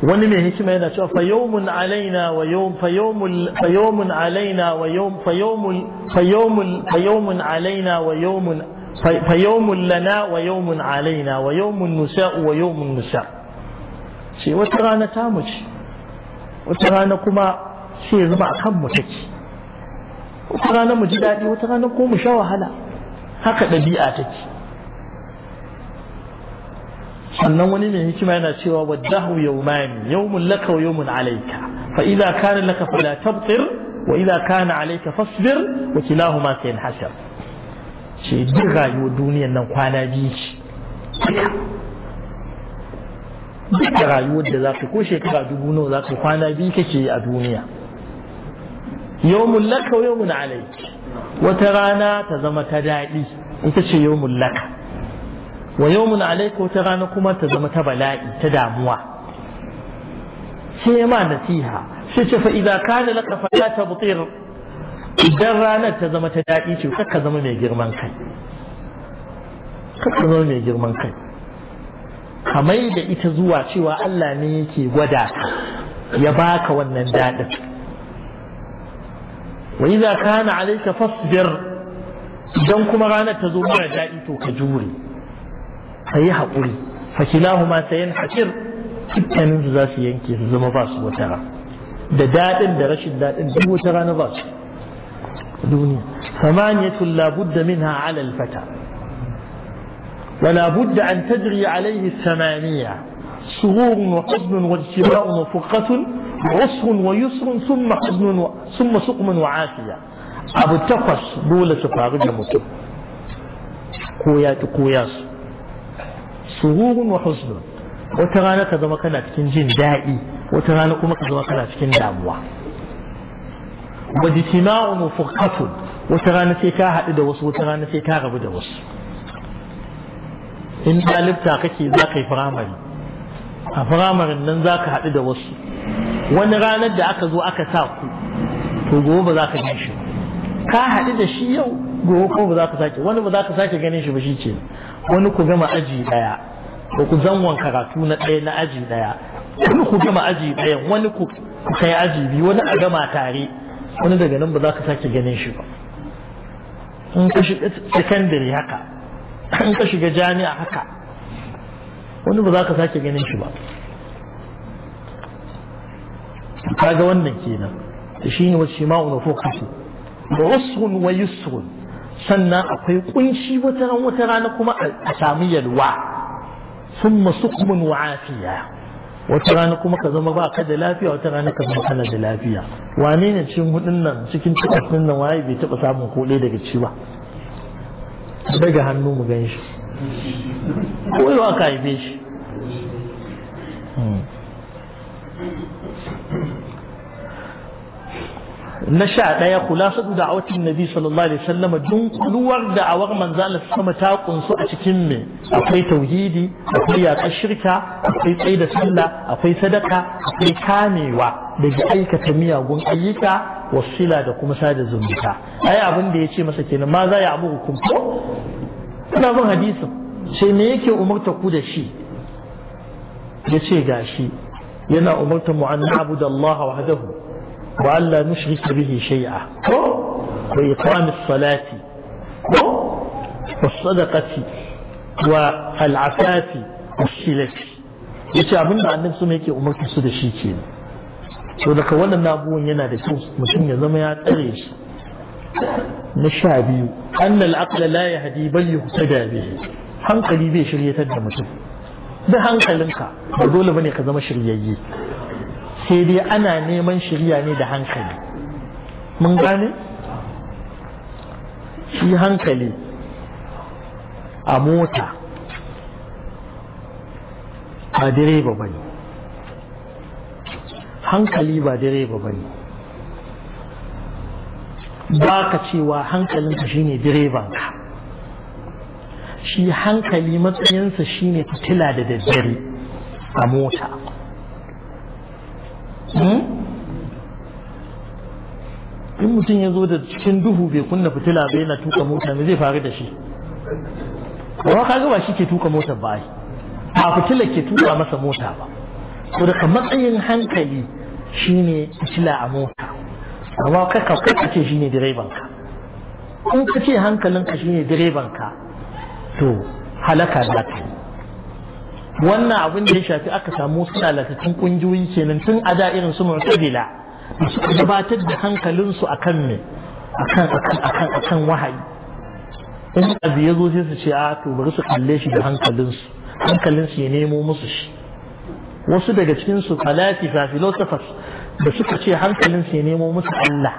Speaker 1: wani mai hikima yana cewa fa yawmun alaina wa yawm fa yawmul fa yawmun alaina wa yawm fa yawmul fa yawmul fa yawmun alaina wa yawm fa yawmun lana wa yawmun alaina wa yawmun nusa wa yawmun nusa shi wata rana ta mu ci wata rana kuma shi ya zuba kan mu take wata rana mu ji dadi wata rana ko mu sha wahala haka dabi'a take sannan wani mai hikima yana cewa waddahu yawmani yawmun laka wa yawmun alayka fa idza kana laka fala tabtir wa idza kana alayka fasbir wa kilahuma sayanhasar ce duk rayuwar duniyar nan kwana biyu
Speaker 2: ce
Speaker 1: duka rayuwar da za ka ko shekara dubu nawa za ka kwana biyu kake a duniya yawmun laka wa yawmun alayka wata rana ta zama ta daɗi ita ce yawmun laka wa yawmun alayka wata rana kuma ta zama ta bala'i ta damuwa sai ma nasiha sai ce fa idza kana laka ta tabtir idan ranar ta zama ta daɗi ce kakka zama mai girman kai kakka zama mai girman kai kamar da ita zuwa cewa Allah ne yake gwada ya baka wannan daɗin wa idza kana alayka fasbir idan kuma ranar ta zo mara daɗi to ka jure ka yi haƙuri fakilahu ma ta yin haƙir dukkanin su za su yanke su zama ba su wata da daɗin da rashin daɗin duk wata rana ba su duniya samaniyatun labudda minha ala alfata ولا بد أن wa عليه الثمانية سرور wa واجتماع وفرقة عسر ويسر ثم حزن و... ثم سقم وعافية أبو تقص دولة فارجة متو قويات قوياس sururun wa husnun wata rana ka zama kana cikin jin daɗi wata rana kuma ka zama kana cikin damuwa wajtima'un wa furqatun wata rana sai ka haɗu da wasu wata rana sai ka rabu da wasu in ɗalibta kake za ka yi firamare a firamarin nan za ka haɗu da wasu wani ranar da aka zo aka sa ku to gobe ba za ka gan shi ka haɗu da shi yau gobe ko ba za ka sake wani ba za ka sake ganin shi ba shi ce wani ku gama aji daya ko ku zanwan karatu na ɗaya na aji daya wani ku gama aji daya wani ku kai aji biyu wani a gama tare wani daga nan ba za ka sake ganin shi ba in ka shiga secondary haka in ka shiga jami'a haka wani ba za ka sake ganin shi ba kaga wannan kenan shi ne wacce ma'una ko kashi da wasu wayi yusrun sannan akwai kunshi wata ran wata rana kuma a sami yalwa sun masu kumin wa'afiya wata rana kuma ka zama ba ka da lafiya wata rana ka zama kana da lafiya wane ne cikin hudun nan cikin cikin nan waye bai taba samun ko daga ci ba daga hannu mu gan shi ko yau aka haife shi hmm. na sha ɗaya kulasatu da'awatin nabi sallallahu alaihi wasallam dunkuluwar da'awar manzo Allah sama ta kunsu a cikin me akwai tauhidi akwai yaƙar shirka akwai tsayi da sallah akwai sadaka akwai kamewa daga aikata miyagun ayyuka wasila da kuma sada zumunta ai abin da yace masa kenan ma za ya abu hukum ko ina bin hadisin sai me yake umarta ku da shi yace gashi yana umarta mu an na'budu wahdahu وألا نشرك به شيئا وإقام الصلاة والصدقة والعفاف والسلة yace abin da annabi sun yake umarta su da shi ke to daga wannan abubuwan yana da kyau mutum ya zama ya tsare shi na sha biyu anna al-aqla la yahdi bal yuhtada bihi hankali bai shiryatar da mutum da hankalinka ba dole bane ka zama shiryayye sai dai ana neman shirya ne da hankali mun gane shi hankali a mota ba direba ba ne hankali ba direba ba ne ba ka cewa hankalinka shine direbanka shi hankali matsayinsa shine fitila da daddare a mota Hmm? in mutum ya zo da cikin duhu bai kunna fitila bai na tuka mota me zai faru da shi ba kaga ba shi ke tuka motar ba a fitila ke tuka masa mota ba To daga matsayin hankali shine fitila a mota amma kaka ka ce shine direban ka in ka ce hankalinka shine direban ka to halaka da ta yi wannan abin da ya shafi aka samu suna lalatattun kungiyoyi kenan tun a da irin su mu'tazila da su gabatar da hankalinsu akan me akan akan akan akan wahayi in abu ya zo sai su ce a to bari su kalle shi da hankalinsu hankalinsu ya nemo musu shi wasu daga cikinsu falasifa philosophers da suka ce hankalinsu ya nemo musu Allah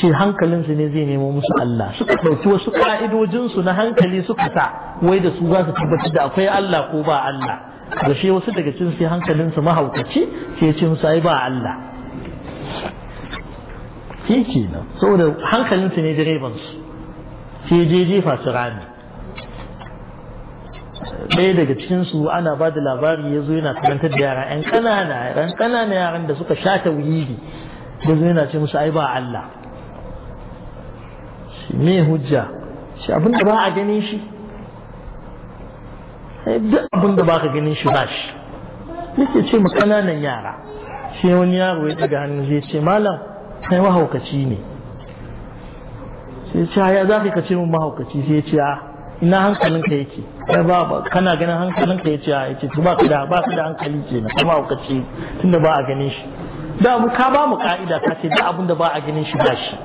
Speaker 1: ce hankalinsu ne zai nemo musu Allah suka ɗauki wasu ƙa'idojinsu na hankali suka sa wai da su za su tabbatar da akwai Allah ko ba Allah da shi wasu daga cin sai hankalinsu mahaukaci ce cin sai ba Allah shi ke nan saboda hankalinsu ne direbansu sai je jefa su rami ɗaya daga cikinsu ana ba da labari ya zo yana karantar da yara 'yan ƙanana yaran da suka sha wuri da zo yana ce musu ai ba Allah shi me hujja shi abin da ba a ganin shi duk abin da ba ka ganin shi ba shi yake ce mu kananan yara shi wani yaro ya daga hannu zai ce malam kai mahaukaci ne sai ce ya za ka kace mun mahaukaci sai ce a ah, ina hankalin ka yake kai ba kana ganin hankalin ka yace a ah, yace to ba ka da ba ka da hankali kenan kuma mahaukaci tunda ba a ganin shi da mu ka ba mu ka'ida ka ce da abin da ba a ganin shi ba shi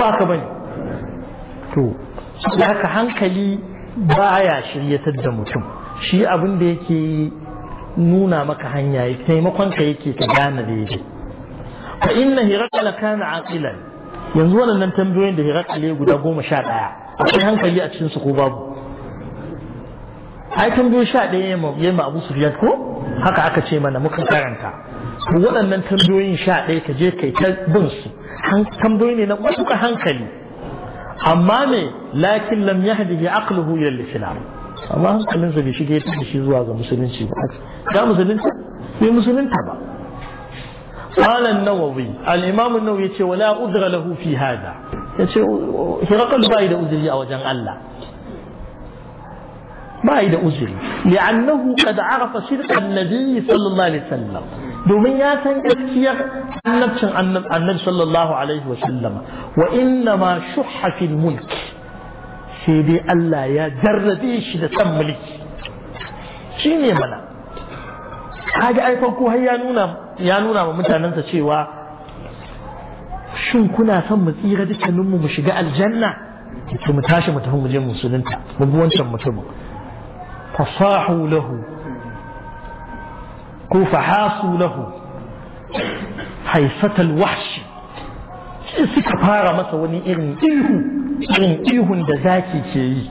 Speaker 1: ba ka bane to haka hankali baya shiryatar da mutum shi abin da yake nuna maka hanya ya taimakon ka yake ka gane da yake fa inna hirakala kana aqilan yanzu wannan tambayoyin da ya guda goma sha ɗaya akwai hankali a cikin su ko babu ai tambayoyi sha ɗaya ya ma abu sufiyat ko haka aka ce mana muka karanta waɗannan tambayoyin sha ɗaya ka je kai ta bin su tambayoyi ne na matuƙar hankali amma me lakin lam yahdihi aqluhu ila al-islam amma hankalinsa bai shige da shi zuwa ga musulunci ba ga musulunta bai musulunta ba قال النووي الإمام النووي يقول ولا أذر له في هذا يقول هرقل بايد أذري أو جن الله بايد أذري لأنه قد عرف صدق النبي صلى الله عليه وسلم domin ya san gaskiyar annabcin annabi sallallahu alaihi wa sallama wa inna ma shuhha mulki. sai dai Allah ya jarrabe shi da san mulki ne mana kaga ai farko har ya nuna ya nuna wa mutanensa cewa shin kuna son mu tsira dukkaninmu mu shiga aljanna to mu tashi mu tafi mu je musulunta mu bi wancan mutumin fasahu lahu ko fahasu lahu haifatal wahshi suka fara masa wani irin ihu irin ihun da zaki ke yi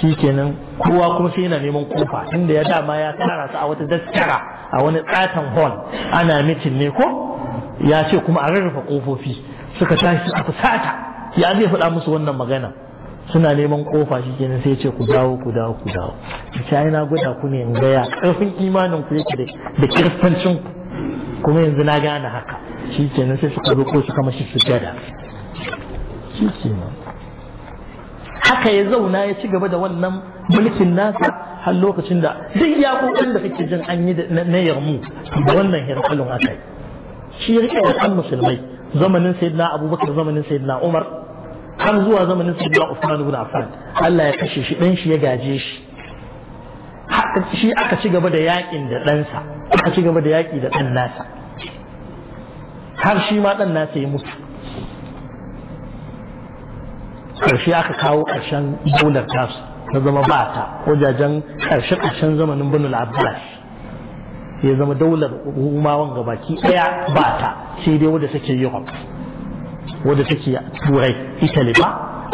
Speaker 1: shi kenan kowa kuma sai yana neman kofa inda ya dama ya tara su a wata daskara a wani tsatan hall ana mitin ne ko ya ce kuma a rarrafa kofofi suka tashi a fusata ya zai faɗa musu wannan magana suna neman kofa shi kenan sai ce ku dawo ku dawo ku dawo ce ai na gwada ku ne in gaya karfin imanin ku yake da kiristancin ku kuma yanzu na gane haka shi kenan sai suka zo ko suka mashi sujada shi kenan haka ya zauna ya ci gaba da wannan mulkin nasa har lokacin da duk iyakokin da kake jin an yi na yarmu da wannan hirkalin yi, shi ya rike da musulmai zamanin sayyidina abubakar zamanin sayyidina umar har zuwa zamanin sayyidina Usman ibn Affan Allah ya kashe shi dan shi ya gaje shi shi aka ci gaba da yakin da ɗansa aka ci gaba da yaki da ɗan nasa har shi ma ɗan nasa ya mutu Karshe aka kawo ƙarshen daular tasu na zama ba ta wajajen ƙarshe ƙarshen zamanin banul abbas ya zama daular umawan gabaki ɗaya ba ta sai dai wadda take yi wadda take turai italy ba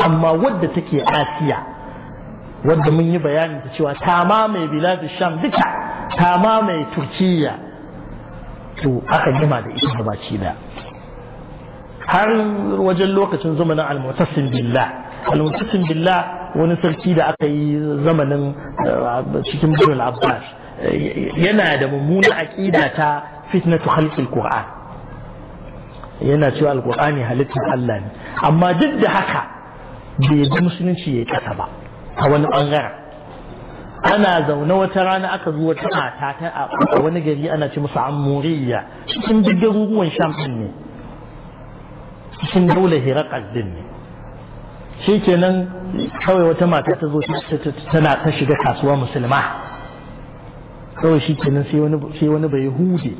Speaker 1: amma wadda take asiya wadda mun yi bayanin ta cewa ta mamaye bilad sham duka ta mamaye turkiya to aka gima da ita gabaci da har wajen lokacin zamanin almutasim billah almutasim billah wani sarki da aka yi zamanin eh, cikin birnin abbas eh, yana da mummunan aƙida ta fitnatu khalqil qur'an yana cewa alkur'ani halittar Allah ne amma duk da haka bai bi musulunci ya kasa ba a wani bangaren ana zaune wata rana aka zo wata mata ta a wani gari ana ce musu amuriya cikin duk garuruwan sham din ne cikin daular hira din ne shi kenan kawai wata mata ta zo tana ta shiga kasuwa musulma kawai shi kenan sai wani bai hude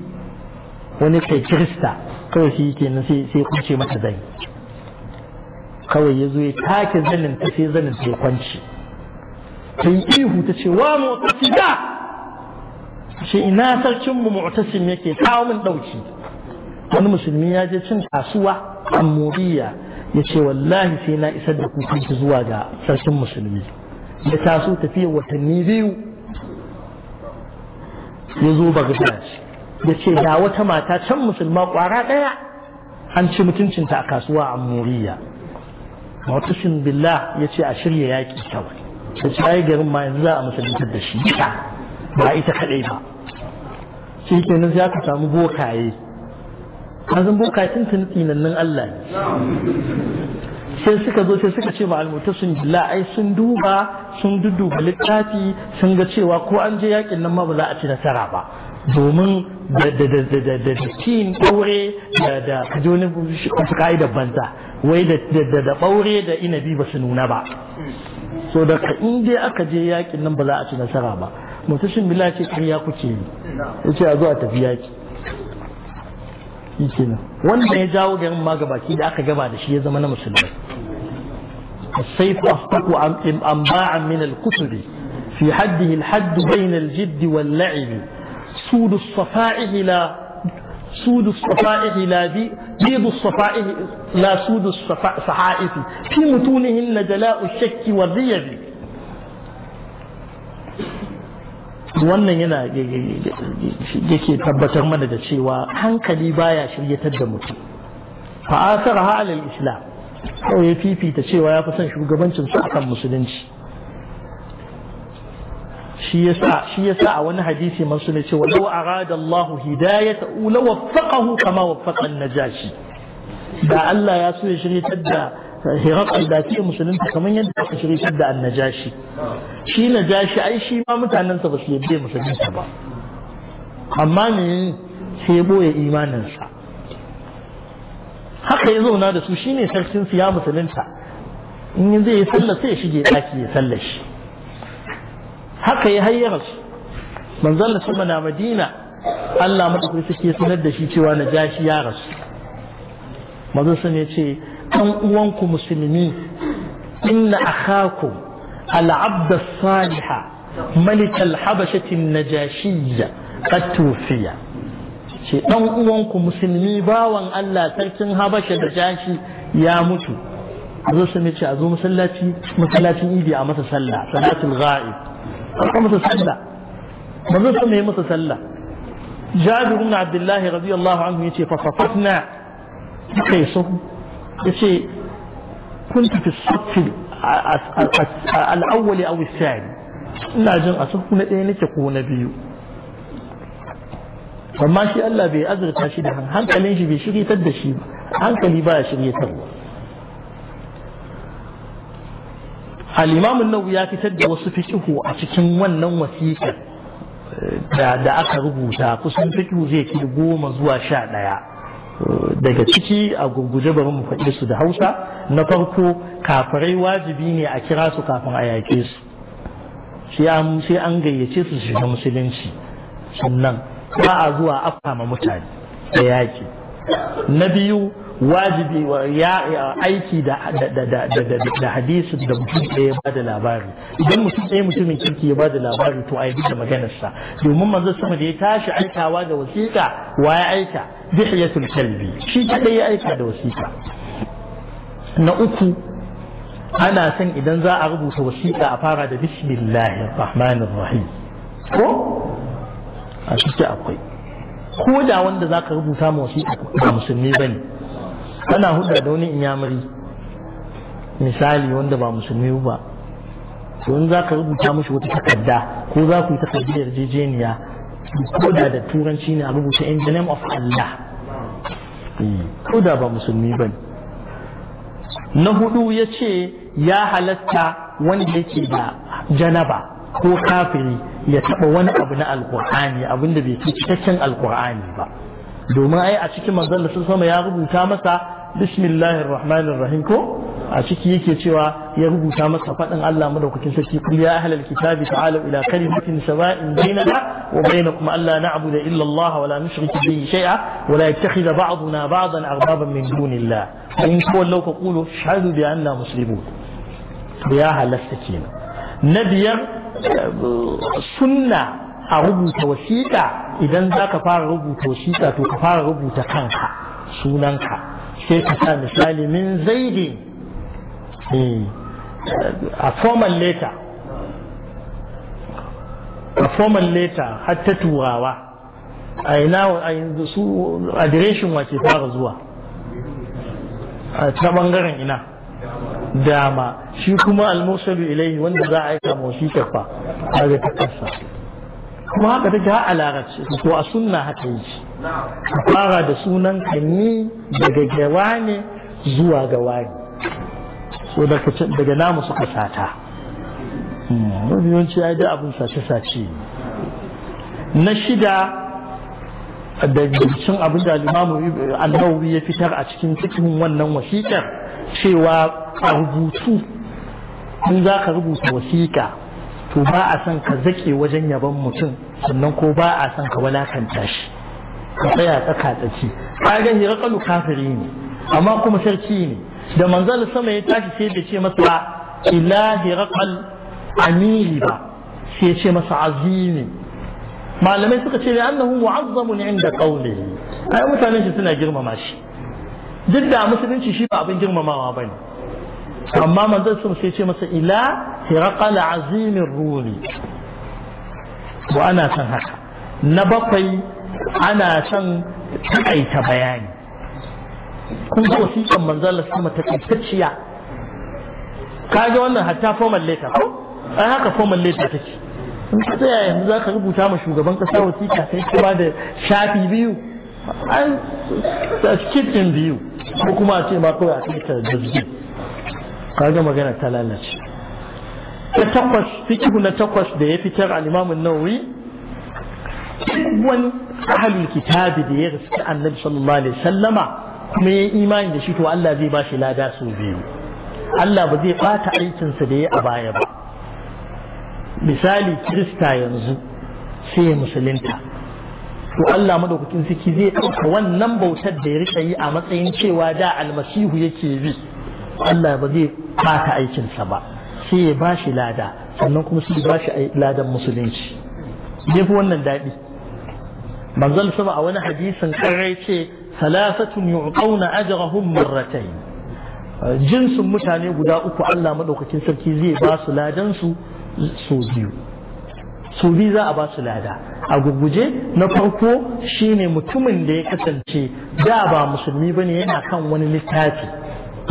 Speaker 1: wani kai kirista kawai shi ke nan sai kunce mata zani kawai ya zo ya take zanin ta sai zanin ta ya kwanci ta yi ihu ta ce wa mu'tasida shi ina sarkin mu mu'tasim yake kawo min dauki wani musulmi ya je cin kasuwa amuriya ya ce wallahi sai na isar da kukanki zuwa ga sarkin musulmi ya taso tafiya watanni biyu ya zo ba shi. ya ce ga wata mata can musulma kwara ɗaya an ci mutuncinta a kasuwa a moriya mutushin billah ya ce a shirya yaƙi kawai ya ce ai garin ma yanzu za a musuluntar da shi ba ita kaɗai ba shi kenan za ka samu bokaye kazan bokaye tun tun tsinannin Allah sai suka zo sai suka ce ma sun billah ai sun duba sun duduba littafi sun ga cewa ko an je yaƙin nan ma ba za a ci nasara ba domin da kin ɓaure da kaji wasu ka'idar wai da ɓaure da inabi ba su nuna ba so da ka in dai aka je yakin nan ba za a ci nasara ba mutashin bila ce karya kuke yi ya ce a zo a tafi yaki shi wanda ya jawo garin ma Ki da aka gaba da shi ya zama na musulmai al-kutubi fi haddihi al-hadd haddi bainal jidd wal laib سود الصفاء لا سود الصفائح لا بيض الصفاء لا سود الصحائف في متونهن جلاء الشك والريب wannan yana yake tabbatar mana da cewa hankali baya shiryatar da mutum fa'asar halal islam kawai ya fifita cewa ya fi son shugabancin su akan musulunci shi yasa sa a wani hadisi masu sune cewa law arada Allahu hidayata law waffaqahu kama waffaqa an-najashi da Allah ya so ya shiryatar da Hirakal da ke musulunta kamar yadda aka shiryatar da annajashi shi najashi ai shi ma mutanensa ba su yadda musulunta ba amma ne sai boye imaninsa haka ya zauna da su shine sarkin su ya musulunta in zai yi sallah sai ya shige ɗaki ya sallar shi haka ya hayya rasu manzon da sama na madina Allah madaukakin sarki ya sanar da shi cewa na jashi ya rasu manzon sun ya ce ɗan uwanku musulmi inna akhakum al-abd as-saliha malik al-habashati an-najashiyya qad tufiya ce ɗan uwanku musulmi bawan Allah sarkin habasha da jashi ya mutu zo sun ce a zo masallaci masallacin idi a masa sallah salatul ghaib رقم متسلة من رسم هي متسلة جابر بن عبد الله رضي الله عنه يتي فخففنا قيسهم يتي كنت في الصف الأول أو الثاني لا جن أصفنا إيني تكون بيو فما شي ألا بي أزغت هشي دهان هنك لنشي بي شغي تدشي هنك لبا شغي تدشي al'imamun nau ya fitar da wasu fikihu a cikin wannan wasiƙa da aka rubuta kusan fikihu zai ki goma zuwa sha ɗaya daga ciki a gurguje bari mu faɗi su da hausa na farko kafirai wajibi ne a kira su kafin a yaƙe su sai an gayyace su shiga musulunci sannan ba a zuwa afama mutane da yaƙi na biyu wajibi wa ya aiki da da hadisi da mutum ɗaya ba da labari idan mutum ɗaya mutumin kirki ya ba da labari to a da maganarsa domin manzo sama da ya tashi aikawa da wasiƙa wa ya aika dihiyatul kalbi shi kadai ya aika da wasiƙa na uku ana son idan za a rubuta wasiƙa a fara da bismillahir rahmanir rahim ko a cikin akwai ko da wanda zaka rubuta ma wasiƙa ba musulmi bane ana hudu da wani inyamuri misali wanda ba musulmi ba in za ka rubuta mashi wata takarda ko za ku yi takardar yarjejeniya ko da da turanci ne a rubuta in the name of Allah hmm. ko da ba musulmi ba na hudu ya ce ya halatta wanda yake da janaba ko kafiri ya taba wani abu na alkur'ani abinda bai fi cikakken alkur'ani ba domin ai a cikin manzon sun sama ya rubuta masa bismillahir rahmanir rahim ko a ciki yake cewa ya rubuta masa faɗin Allah madaukakin sarki kul ya ahlal kitabi ta'alu ila kalimatin sawa'in bainana wa bainakum alla na'budu illa Allah wa la nushrika bihi shay'a wa la yattakhidha ba'duna ba'dan arbaban min dunillah in kullu ka qulu shahadu bi anna muslimun ya halasta kenan na biyar sunna a rubuta wasiƙa idan za ka fara rubuta wasiƙa to ka fara rubuta kanka sunanka sai ka sa misali min zaidi eh, a formal letter a formal letter har ta turawa a ina a yanzu su adireshin wace fara zuwa a ta bangaren ina dama shi kuma almursalu ilaihi wanda za a aika shi fa a ga ta kuma haka take har a larabci a sunna haka yi ka fara da sunan kanyi daga gawa ne zuwa gawa ne so daga namu suka sata wani hmm, yawanci ya yi abin sace-sace na shida da cin abin da limamu annawi ya fitar a cikin cikin wannan wasiƙar cewa a rubutu in za ka rubuta wasiƙa to ba a san ka zaƙe wajen yaban mutum sannan ko ba a son ka walakanta shi ka tsaya tsaka tsaki hira hirqalu kafiri ne amma kuma sarki ne da manzal sama ya tashi sai bai ce masa ila hirqal amiri ba sai ya ce masa azimi malamai suka ce annahu mu'azzamun inda qawlihi ai mutanen shi suna girmama shi duk da musulunci shi ba abin girmamawa bane amma manzal sama sai ya ce masa ila hirqal azimin ruri. ko ana son haka na bakwai ana son aita bayani kun ga wasiƙan Allah sama taƙaitacciya ka ga wannan hatta formal letter ko ai haka formal letter take in ka tsaya yanzu za ka rubuta ma shugaban ƙasa wasiƙa sai ka ba da shafi biyu an kitchen biyu ko kuma a ce ma kawai a kai ta jazgi ka ga magana ta lalace ta takwas fikihu na takwas da ya fitar al-imam an-nawawi duk wani ahlul kitabi da ya riski annabi sallallahu alaihi sallama kuma ya imani da shi to Allah zai ba shi lada su biyu Allah ba zai bata aikinsa da ya a baya ba misali kirista yanzu sai ya musulunta to Allah madaukakin siki zai ɗauka wannan bautar da ya rika yi a matsayin cewa da almasihu yake bi Allah ba zai bata aikinsa ba sai ya ba shi lada sannan kuma sai ya ba shi ladan musulunci ya fi wannan daɗi manzon sama a wani hadisin karrai ce salafatun yu'qawna ajrahum marratayn jinsin mutane guda uku Allah madaukakin sarki zai ba su ladan su so biyu so biyu za a ba su lada a gurguje na farko shine mutumin da ya kasance da ba musulmi bane yana kan wani littafi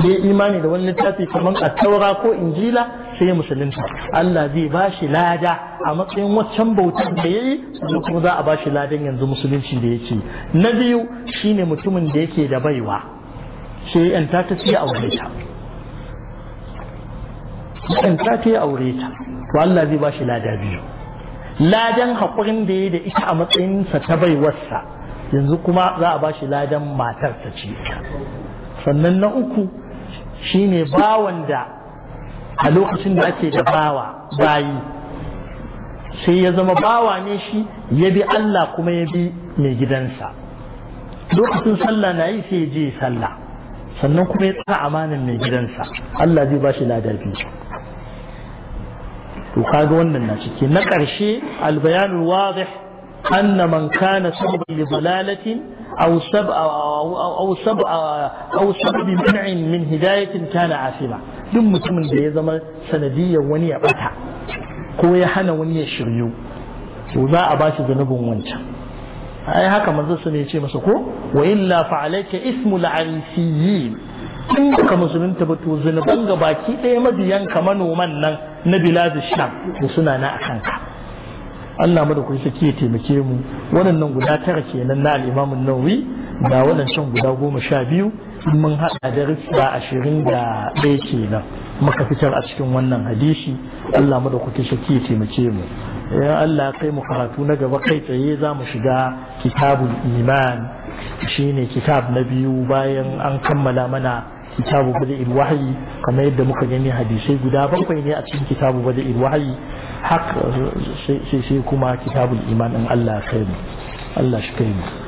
Speaker 1: ya imani da wani littafi kamar a taura ko injila sai musulunta Allah zai ba shi lada a matsayin waccan bautan da ya yi kuma za a ba shi ladan yanzu musulunci da yake na biyu shine mutumin da yake da baiwa sai ta tafi aure ta yan ta aure ta to Allah zai ba shi lada biyu ladan haƙurin da ya da ita a matsayinsa ta baiwarsa yanzu kuma za a ba shi ladan matar ta ce sannan na uku shine bawan da a lokacin da ake da bawa bayi sai ya zama bawa ne shi ya bi Allah kuma ya bi mai gidansa lokacin sallah na yi sai ya je sallah sannan kuma ya tsara amanin mai gidansa Allah zai ba shi ladabi to kaga wannan na cike na ƙarshe albayanul wadih أن من كان سببا لضلالة أو سبب أو سبب أو سبب منع من هداية كان عاصما دم متمن ده زما سندية وني ko ya hana wani ya shiryu to za a bashi zanubin wancan ai haka manzo su ya ce masa ko wa illa fa alayka ismul arisiyin in ka musulunta ba to zanuban ga baki ɗaya mabiyan ka manoman nan na biladu sham to suna na akan ka Allah ku sarki ya taimake mu waɗannan guda tara kenan na al-Imam an-Nawawi da waɗancan guda goma sha biyu mun haɗa da rufiya ashirin da ɗaya kenan muka fitar a cikin wannan hadisi Allah ku sarki ya taimake mu ya Allah kai mu karatu na gaba kai tsaye za mu shiga kitabul iman shine kitab na biyu bayan an kammala mana kitabu bada ilwahi kamar yadda muka gani hadisai guda bakwai ne a cikin kitabu bada ilwahi haka sai kuma kitabul iman in Allah ya kai mu Allah shi kai mu